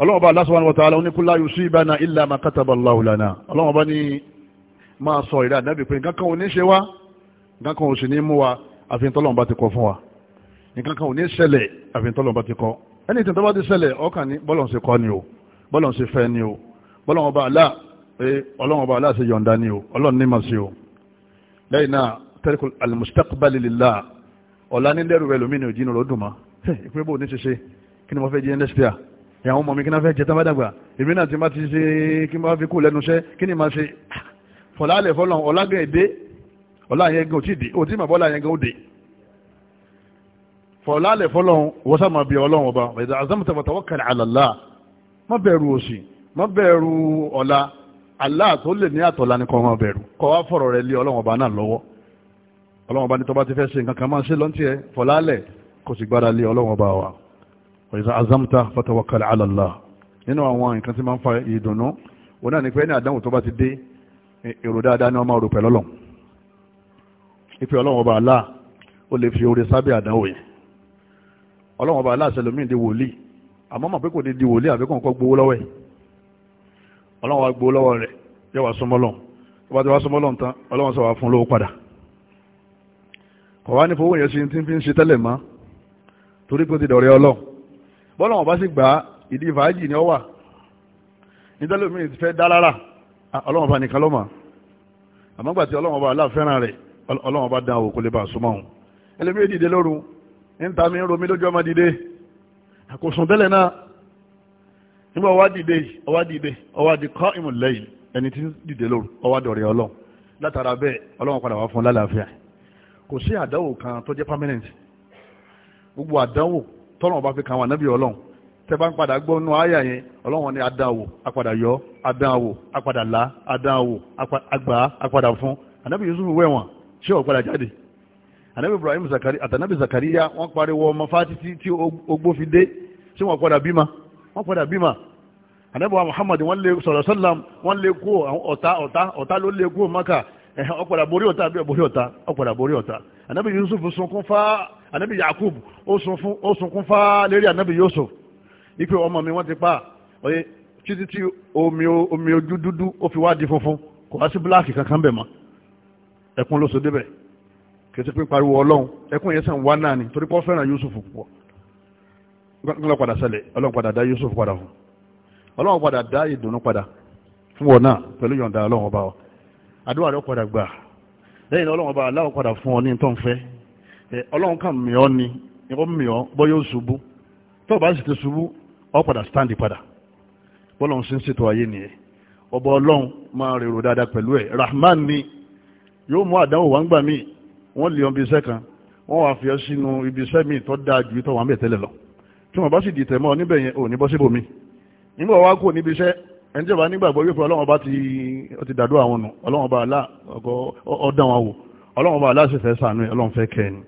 ọlọ́wọ́ bá wa nǹkan kan ò sì ní mú wa àfi tọ́lọ́run bá ti kọ fún wa nǹkan kan ò ní ṣẹlẹ̀ àfi tọ́lọ́run bá ti kọ ẹni tí tó bá ti ṣẹlẹ̀ ọkàn ní bọ́lọ̀n ṣe kọ́ ni o bọ́lọ̀n ṣe fẹ́ ni o bọ́lọ̀n ọba àlá pé ọlọ́run ọba àlá ṣe yọ̀ǹda ni o ọlọ́run ní ma ṣe o lẹ́yìn náà tẹ́lifù alimusitaqbali lillah ọ̀la ní lẹ́rù rẹ lómìnira òjì nìrò dùn ma bò ní ṣiṣẹ́ kí ni mo fẹ́ jẹ́ next year ìyàwó mọ̀ kí ni wọ́n fẹ́ jẹ́ tá èmi náà ti má ti ṣe kí n bá fi kú lẹ́nu iṣẹ́ kí ni ma ṣe ah, fọ̀lá àlẹ́ fọlọ́n ọ̀lágẹ̀ ọlá yẹn gan ò tí ì dé ò tí ì mà bọ́ ọlá yẹn gan ó dé fọlálẹ̀ fọlọ́hún wọ́n sábà bí ọlọ́hún ọba ẹ̀dá azámùtà tawakkal ala Allah má bẹ̀rù òsì má bẹ̀rù ọ̀la Allah tó lè ní àtọ̀la ní kọ́ máa bẹ̀rù kọ́ wá fọ̀rọ̀ rẹ̀ lé ọlọ́hún ọba náà lọ́wọ́ ọlọ́hún ọba ní tọ́ba ti fẹ́ ṣe nǹkan kan máa ṣe lọ́ntì ẹ fọlálẹ̀ kò sì gbára lé ọlọ́hún ọba wa ẹ̀dá azámùtà tawakkal ala ìfẹ́ ọlọ́run ọba Allah ó lè fi oore sábẹ́ àdánwò yẹn ọlọ́run ọba Allah sẹlẹ̀mí di wòlíì àmọ́ mọ̀ pé kò ní di wòlíì àbíkàn kọ́ gbowó lọ́wọ́ ẹ̀ ọlọ́run wa gbowó lọ́wọ́ rẹ̀ yẹ wà súnmọ́lọ́n tó bá ti wá súnmọ́lọ́n tán ọlọ́run sọ wà fún lówó padà kọ̀ wá ní fowó yẹn sí ti fi ń ṣe tẹ́lẹ̀ mọ́ torí pé ó ti dọ̀rẹ́ ọlọ́run bọ́lọ́run bá sì gbà ìdí fàájì ni ó wà nítorí omi ti fẹ́ dá lára ọlọ́run bá nìkan lọ́mọ àmọ́gbà tí ọlọ́run bá aláàfẹ́ràn rẹ̀ ọlọ́wọ́n bá dáwò kó lè bá súnmọ́ òun ẹlẹ́mí dìde lóru ń ta mi ń romí lójú ọmọ dìde kò sùn tẹ́lẹ̀ náà nígbà ọwá dìde ọwá dìde ọwá di kọ́ ìmù lẹ́yìn ẹni tí ń dìde lóru ọwá dọ̀rẹ́ ọlọ́run látara bẹ́ẹ̀ ọlọ́run padà wá fún lálàáfíà kò sí àdánwò kan tó jẹ́ permanent gbogbo àdánwò tọ́lọ́run bá fi kan wà nábì ọlọ́run tẹ́ bá ń padà gbọ́ nínú àyà yẹn ọlọ́run ní adáwò apadà yọ adáwò apadà lá adáwò agbà apadà fún ànábì Yusuf wẹ̀wọ̀n ṣé ọ̀padà jáde anabi ibrahim zakari àtànàbì zakariya wọ́n pariwo ọmọ fátítí tí ogbó fi dé tí wọ́n padà bímọ wọ́n padà bímọ anabi wa muhammad wọ́n lè sọ̀rọ̀ sọ́làm wọ́n lè kó ọ̀tá ọ̀tá ọ̀tá ló lè kó maka ọ̀padà borí ọ̀tá àbí ọ̀borí ọ̀tá ọ̀padà borí ọ̀tá anabi yusuf sunkún fa, anabi yakub ó sunkún fá lérí anabi yusuf ipe ọmọ mi wọ́n ti pa ọyẹ títí tí omi ojú dúdú ó fi wá di funfun kò wá sí bíláàkì kankan bẹ̀ mọ́ ẹkún ló so débẹ̀ kìí pé pariwo ọlọ́run ẹkún yẹn sàn wá náà ni torí Yusuf púpọ̀ ńlọ padà sẹlẹ ọlọ́run padà dá Yusuf padà fún ọlọ́run padà dá ìdùnnú padà fún náà pẹ̀lú yọ̀ǹda ọlọ́run ọba ọ àdúrà rẹ padà gbà ọba padà fún ọ ní ni yóò ṣubú yóò mú àdánwò wá ń gbà míì wọ́n lè ọmọ iṣẹ́ kan wọ́n wá fi ọ́ sínú ibi iṣẹ́ míì tó dáa ju ìtọ́ wà ń bẹ̀ tẹ́lẹ̀ lọ tí wọ́n bá sì dìtẹ̀ mọ́ níbẹ̀ yẹn ò ní bọ́ síbòmí nígbà wá kó níbi iṣẹ́ ẹni tí nígbàgbọ́ wípé ọlọ́wọ́n bá ti dàdó àwọn nù ọlọ́wọ́n bá alá ọdán wọn wò ọlọ́wọ́n bá aláṣẹ fẹ́ sànú ẹ ọlọ́wọ́n fẹ́ kẹ́ni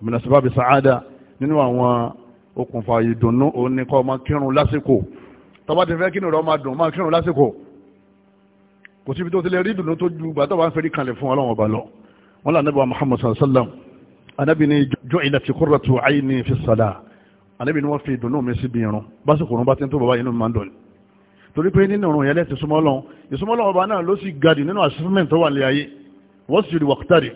òmìnira sábà bí sàádà nínú àwọn okùnfà ìdùnnú òun ni kọ́ ọmọ kírun kò síbi tó ti lè rí ìdùnnú tó ju bàtà wà ń fẹ́rí kalẹ̀ fún ọlọ́run ọba lọ wọn lànà bá muhammad sallam anabi ni ju'ila fi qurratu ayni fi salah anabi ni wọ́n fi ìdùnnú mi síbi irun básìkò òun bá ti ń tó bàbá yìí nínú máa ń dọ̀lẹ̀ torí pé nínú òun yẹn lẹ́sìn súnmọ́ lọ́n ìsúnmọ́ lọ́wọ́ ọba náà ló sì gadi nínú achievement tó wà ní ayé wọ́n sì rí wàkútàrí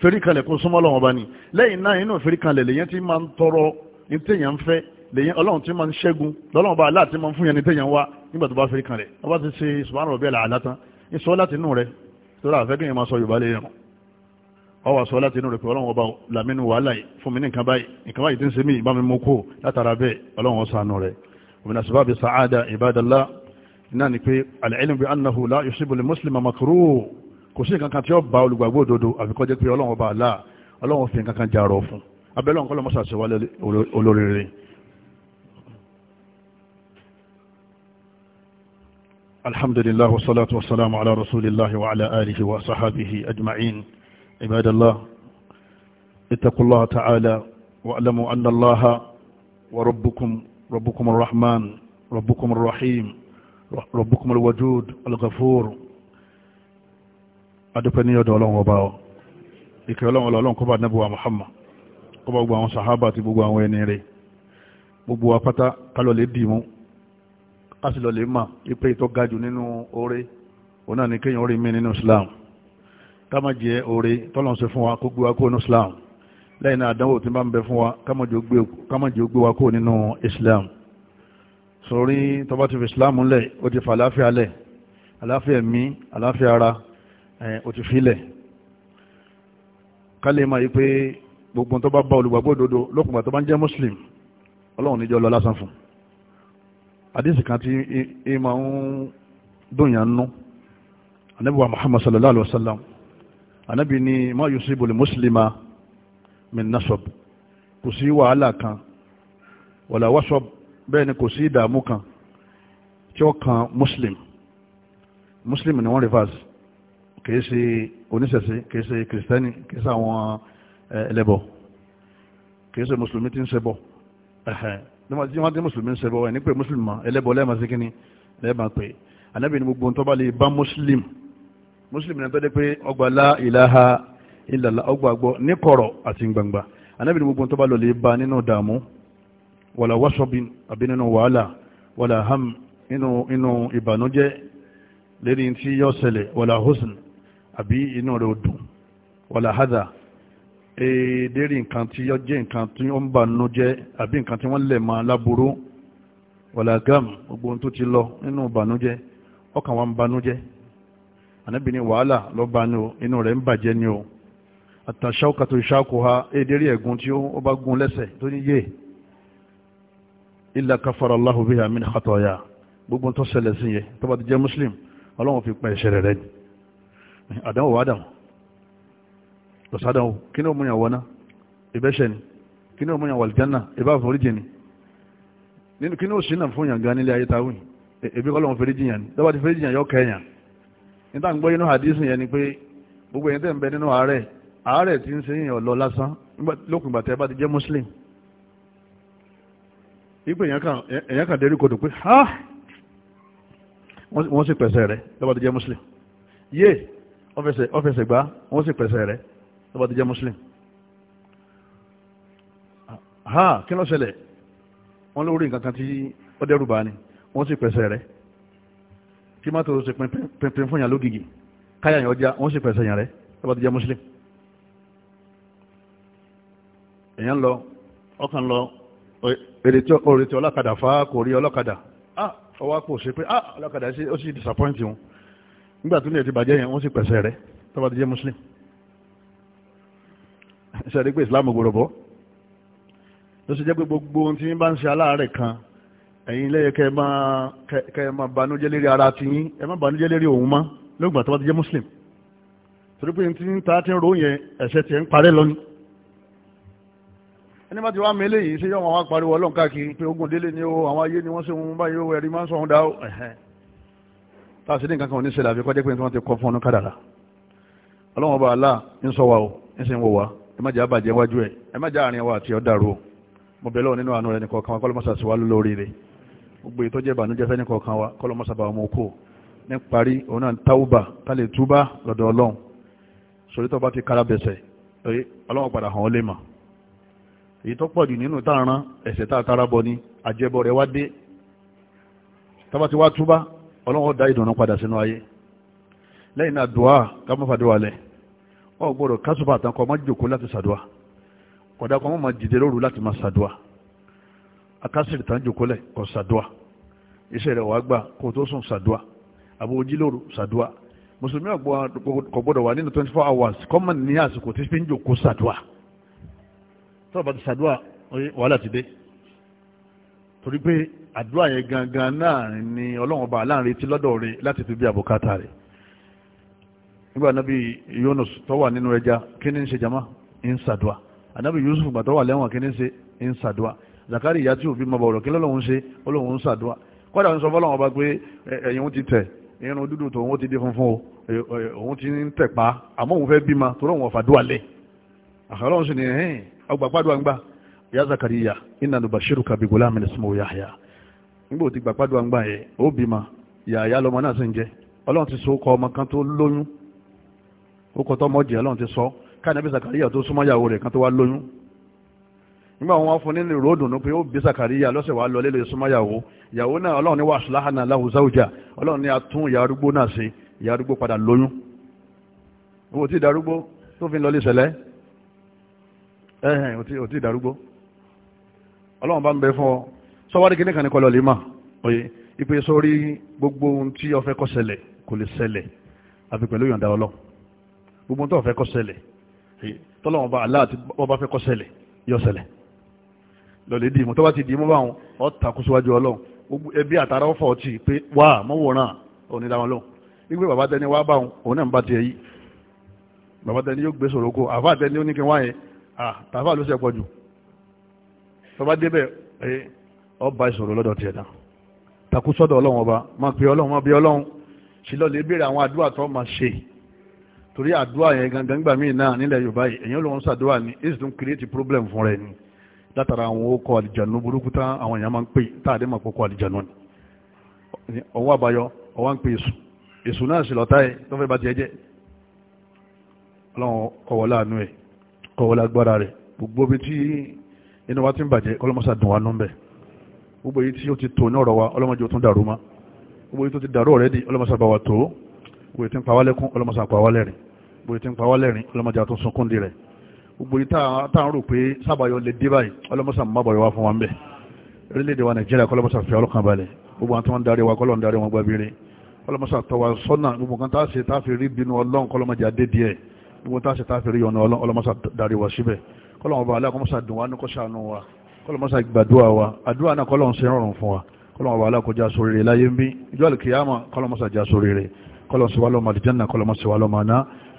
fẹ́rí kalẹ̀ kó súnmọ́ lọ́wọ́ ọba ni lẹ́yìn náà inú fẹ́rí kalẹ̀ lèyẹn ti máa ń tọrọ ní téèyàn ń fẹ́ lèyìn ọlọ́run ti máa ń ṣẹ́gun lọ́lọ́run ọba aláàtí máa ń fún yẹn ní téèyàn wá nígbà tó bá fẹ́rí kalẹ̀ ọba ti ṣe subhanahu rabbil ala tán ìsọ láti inú rẹ tó rà fẹ́kẹ́ ìmọ̀ sọ yorùbá lè yẹn ọ wà sọ láti inú rẹ pé ọlọ́run ọba làmínú wàhálà fún mi ní nǹkan báyìí nǹkan báyìí tí ń ṣe mí ìbá mi mú kó látara bẹ́ẹ̀ ọlọ́run ọ̀sánú rẹ òmìnira sì bá bi sàáda ìbádàlá iná ni pé al-ilm bi annahu la yusibu al-muslima makruh kò sí nǹkan kan tí ó ba olùgbàgbọ́ òdodo àfikọ́ jẹ́ pé ọlọ́run ọba àlá ọlọ́run fi nǹkan kan jà rọ̀ fún abẹ́lẹ́ ọ̀nkọ́lọ́mọ́sà ṣe wálé olóríire الحمد لله والصلاة والسلام على رسول الله وعلى آله وصحابه أجمعين عباد الله اتقوا الله تعالى واعلموا أن الله وربكم ربكم الرحمن ربكم الرحيم ربكم الوجود الغفور adúpẹ́ ní ọ̀dọ̀ ọlọ́run ọba ọ ìkẹ́ ọlọ́run ọlọ́run kó bá nẹ́bùwà Muhammad kó bá gbogbo àwọn sàhábà àti gbogbo àwọn ẹni rẹ̀ gbogbo apáta kálọ̀ lè dìímú káṣí lọ lè mà ipe tó ga jù nínú oore òun náà ni kéèyàn orí mi nínú Islam ká má jẹ oore tọ́lọ̀ ń ṣe fún wa kó gbé wa kó nínú Islam lẹ́yìn náà àdánwò tí bá ń bẹ fún wa ká má jẹ́ ó gbé wa kó nínú Islam sórí tó bá ti fi Islam lẹ̀ ó ti fa àlàáfíà lẹ̀ àlàáfíà ẹ̀mí àlàáfíà ara ó ti filẹ̀ ká máa yí gbogbo tó bá bá olùgbàgbọ́ òdodo lókùnbà tó bá ń jẹ́ Muslim ọlọ́run níjọ́ lọ lásán fún un àdísì kan tí ẹ máa ń dùnyà nú anábíwa muhammad sallallahu alaihi wasallam anábí ni ma yusibu li muslima min nasab kò sí wàhálà kan wàlà wasab bẹ́ẹ̀ ni kò sí ìdààmú kan tí ó kan muslim muslim ni wọ́n reverse kìí ṣe oníṣẹ̀ṣe kìí ṣe kìrìsìtẹ́nì kìí ṣe àwọn eh, ẹlẹ́bọ kìí ṣe mùsùlùmí tí ń ṣẹbọ ẹ̀hẹ̀ ní wọ́n tí mùsùlùmí ń ṣẹbọ ẹ̀ ní pé mùsùlùmá ẹlẹ́bọ lẹ́ẹ̀mà sí kíní lẹ́ẹ̀mà pé anábì ní gbogbo tó bá lè bá mùsùlùm mùsùlùm náà tó dé pé ọgbà la ilaha illallah ọgbà gbọ́ ní kọ̀rọ̀ àti gbangba anábì ní gbogbo tó bá lọ lè bá nínú dààmú wàlà wàṣọ́bìn àbí nínú wàhálà wàlà ham nínú ìbànújẹ́ lẹ́ni tí yọ ṣẹlẹ̀ wàlà husn àbí inú rẹ̀ dùn wàlà hadha lérí nǹkan tí yọ jẹ́ nǹkan tí ó ń bà nínú jẹ́ àbí nǹkan tí wọ́n lẹ̀ gbogbo tó ti lọ nínú ìbànújẹ́ ọkàn wa ń banújẹ́ ànábì wàhálà bá ní o inú rẹ̀ ń bàjẹ́ ni o àtàṣàkàtò ìṣàkóha èdèrí ẹ̀gún tí ó bá gún lẹ́sẹ̀ tó ní yé illa kafara gbogbo tó ṣẹlẹ̀ sí ti jẹ́ muslim ọlọ́run fi pa ẹ̀ṣẹ̀ rẹ̀ rẹ̀ ni àdánwò lọ́sádánwò kí ní òmúyàn wọná ìbẹ́ṣẹ̀ ni kí ní òmúyàn wàlìjánà ìbá àforíjì ni nínú kí ní ò sínà fún yàn gan nílé ayé táwìn èbí e, kọ́ lọ́wọ́ fèrèjì yàn ni lọ́wọ́ ti fèrèjì yàn yọ kẹyàn níta ń gbọ́ inú hadith yẹn ni pé gbogbo ẹ̀yin tẹ́ ń bẹ nínú àárẹ̀ àárẹ̀ ti ń sẹ́yìn ọ̀lọ́ lásán lókùn ìgbà tẹ́ bá ti jẹ́ muslim ipe èèyàn kan dérí kodò pé ha wọ́n sì pẹ̀sẹ̀ rẹ̀ lọ́wọ́ ti jẹ́ muslim yé ọ̀fẹ̀sẹ̀ gbá wọ́n sì pẹ̀sẹ̀ rẹ̀ tó bá ti jẹ́ muslim ha kí ló ṣẹlẹ̀ wọ́n lórí nǹkan kan tí ó dẹ́rù bá ní wọ́n sì pẹ̀sẹ̀ rẹ̀ kí má tó ṣe pínpín fún yàn lógìgì káyà yàn ọjà wọ́n sì pẹ̀sẹ̀ yàn rẹ̀ tó bá ti jẹ́ muslim èèyàn lọ ọkàn lọ òrètí ọlọ́kadà fa kò rí ọlọ́kadà ah ọwọ́ kò ṣe pé ah ọlọ́kadà ó sì disappoint wọn nígbà tó ní ẹ̀ ti bàjẹ́ yẹn wọ́n sì pẹ̀sẹ̀ rẹ̀ tó bá ti jẹ́ muslim sẹ́rí pé ìsìláàmù gbọ́dọ̀ bọ́ ló ṣe jẹ́ pé gbogbo ohun tí yín bá ń ṣe aláàárẹ̀ kan ẹ̀yin lẹ́yẹ kẹ́ máa kẹ́ máa banújẹ́ lérí ara ti yín ẹ banújẹ́ lérí òun mọ́ lóògbà tó bá ti jẹ́ muslim torí pé tí ń ta ti ń ro yẹn ẹ̀ṣẹ̀ tiẹ̀ ń parẹ́ lọ́ni ẹni bá ti wá mẹ́lẹ̀ yìí ṣe yọ àwọn apariwo ọlọ́run káàkiri pé ogun délé ni ó àwọn ayé ni wọ́n ṣe ń báyìí ó ẹ̀rí máa ń sọ òun dá ó tá a sì ní nǹkan kan ò ní ṣẹlẹ̀ àfikọ́jẹ́ pé wọ́n ti kọ́ fún ọdún kádàrà ọlọ́run ọba àlá ń sọ wa ó ń sì wò wá ẹ má jẹ́ àbàjẹ́ wájú ẹ̀ ẹ má jẹ́ àárín wa àti ọ̀dàrú mo bẹ̀rẹ̀ nínú àánú rẹ̀ nìkan kan wa kọ́lọ́mọ́sà sí wa lórí rẹ̀ gbogbo ètò jẹ́ ìbànújẹ́ fẹ́ nìkan kan wa kọ́lọ́mọ́sà bá ọmọ okó ní parí òun náà táwùbà ká lè túbá lọ́dọ̀ ọlọ́run sórí tó bá ti kára bẹ̀sẹ̀ ọlọ́run padà hàn ọ́ lè a tara bọ ni àjẹbọ rẹ̀ wá dé tá bá ti wá túbá ọlọ́run dá ìdùnnú padà lẹ́yìn náà dùá ká ọ gbọ́dọ̀ kásùbà àtàkọ́ má jòkó láti sàdúà kọ̀dá kan má dìde lóru láti má sàdúà akásìrì tán jòkó lẹ̀ kọ́ sàdúà iṣẹ́ rẹ̀ wàá gbà kó tó sùn sàdúà àbójí lóru sàdúà mùsùlùmí kò gbọ́dọ̀ wà nínú twenty four hours kọ́mọ̀ ní àsìkò tí fi ń jòkó sàdúà tọ́lọ̀ bá ti sàdúà wàhálà ti dé torí pé àdúrà yẹn gangan náà ni ọlọ́run ọba aláàrin ti lọ́dọ̀ rẹ̀ láti fi bí àbùkátà rẹ̀ nígbà anábì Yunus tó wà nínú ẹja kí ní ń ṣe jama ń ṣàdúà anábì Yusuf gbà tó wà lẹ́wọ̀n kí ní ṣe ń ṣàdúà Zakari ìyá tí òbí ma bọ̀rọ̀ kí lọ́lọ́hún ṣe olóhùn ń ṣàdúà kọ́dà ń sọ fọ́lọ́hún ọba pé ẹ̀yìn ti tẹ̀ irun dúdú tó òun ti di funfun o òun ti ń tẹ̀ pa àmọ́ òun fẹ́ bímọ tó lóun ọ̀fà dúà lẹ̀ àkàlọ́hún sì ni ẹ̀hìn ọgbà pàdúà ń gbà ìyá Zakari ìyá inna nubashiruka bi gulamin ismuhu Yahya nígbà ò ti gbà pàdúà ń gbà yẹn ó bímọ yàyà lọmọ náà sì ń jẹ Ọlọ́run ti so kọ ọmọ kan tó lóyún ó kọ́ ọlọ́run ti sọ káàdébí Zakariya tó súnmọ́ ìyàwó rẹ̀ kan tó wá lóyún nígbà wọn wá fún nínú ìró dùnú pé ó bí Zakariya lọ́sẹ̀ wá lọ lélẹ̀ súnmọ́ ìyàwó ìyàwó náà ọlọ́run ní wà sùláhánà lahu ọlọ́run ní atún ìyá arúgbó náà ṣe ìyá arúgbó padà lóyún owó tí ìdarúgbó tó fi ń lọ ò tí ìdarúgbó ọlọ́run bá ń bẹ fún gbogbo ohun tí kò gbogbo tó fẹ́ kó ṣẹlẹ̀ tọ́lọ́wọ́n bá aláàtí ọba fẹ́ kó ṣẹlẹ̀ yóò ṣẹlẹ̀ lọ́lẹ̀ dìímù tó bá ti dìímù báwọn ọ̀tàkùn síwájú ọlọ́run gbogbo ẹbí àtàrà ọ̀fọ̀ ọtí pé wà mọ́wòrán òní làwọn lọ́wọ́ wípé bàbá tẹni wá báwọn òun náà ń bá tiẹ̀ yí bàbá tẹni yóò gbé sọ̀rọ̀ kó àfáà tẹni ó ní kí wáyẹn tàfáà ló ṣe pọ̀ jù tọba débẹ̀ ọba ìṣòro lọ́dọ̀ tiẹ̀ torí àdúrà yẹn gangan gbà míì náà nílẹ̀ yorùbá yìí èyàn ló ń ṣàdúrà ní èsì tún create problem fún rẹ ni látara àwọn okọ àlìjànú burúkú tán àwọn èèyàn máa ń pè táàdé máa pọkọ àlìjànú ni ọwọ́ àbáyọ ọwọ́ ń pè èṣù èṣù náà sì lọ́tà ẹ̀ tó fẹ́ bá tiẹ̀ jẹ́ ọlọ́run kọ̀wọ́ láàánú ẹ̀ kọ̀wọ́ lágbára rẹ̀ gbogbo bí tí inú wa ti ń bàjẹ́ ọlọ́mọṣà dùn wá nú bẹ̀ gbogbo yìí tí ó ti tò ní ọ̀rọ̀ wa ọlọ́mọdé ó tún dàrú ma gbogbo yìí tó ti dàrú ọ̀rẹ́dì ọlọ́mọṣà bá wa tó gbogbo yìí tí ń pa wálẹ́kún ọlọ́mọṣà pa wálẹ́rìn gbogbo tí ń pa wálẹ̀rin ọlọ́mọdé àtún sunkún dì rẹ̀ gbogbo táà ń rò pé sábàyọ lè dé báyìí ọlọ́mọsà mábàyọ wá fún wa ń bẹ̀ orílẹ̀-èdè wa nàìjíríà kọlọ́mọsà fi ọlọ́kàn balẹ̀ gbogbo àwọn tí wọ́n ń darí wa kọlọ́n darí wọn gbàbíire ọlọ́mọsà tọ́ wa sọ́nà gbogbo kan tá a ṣe táà fi rí bínú ọlọ́n kọlọ́mọdé adé díẹ̀ gbogbo tá a ṣe táà fi rí yọnu ọlọ́n ọlọ́mọsà wa síbẹ̀ kọlọ́mọ bá aláàkọ́mọsà dùn wá ní kọ́sàánú wa kọlọ́mọsà gbàdúrà wa àdúrà wa kọlọ́mọ bá aláàkọ́jà sórí rẹ̀ láyé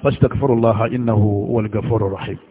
فاستغفر الله إنه هو الغفور الرحيم